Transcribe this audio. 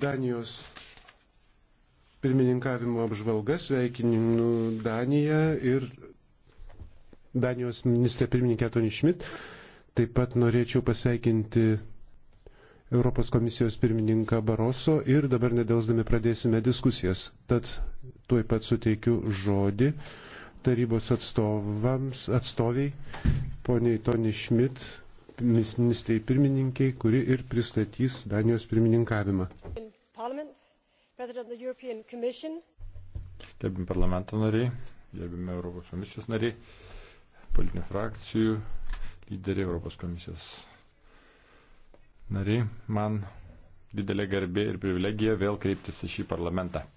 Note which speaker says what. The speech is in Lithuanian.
Speaker 1: Danijos pirmininkavimo apžvalga, sveikinimų Daniją ir Danijos ministrė pirmininkė Toni Šmit. Taip pat norėčiau pasveikinti Europos komisijos pirmininką Baroso ir dabar nedelsdami pradėsime diskusijas. Tad tuoj pat suteikiu žodį tarybos atstovams, atstoviai, poniai Toni Šmit, ministrei pirmininkiai, kuri ir pristatys Danijos pirmininkavimą. Gerbim parlamento
Speaker 2: nariai, gerbim Europos komisijos nariai, politinių frakcijų,
Speaker 3: lyderiai Europos komisijos nariai, man didelė garbė ir privilegija vėl kreiptis į šį parlamentą.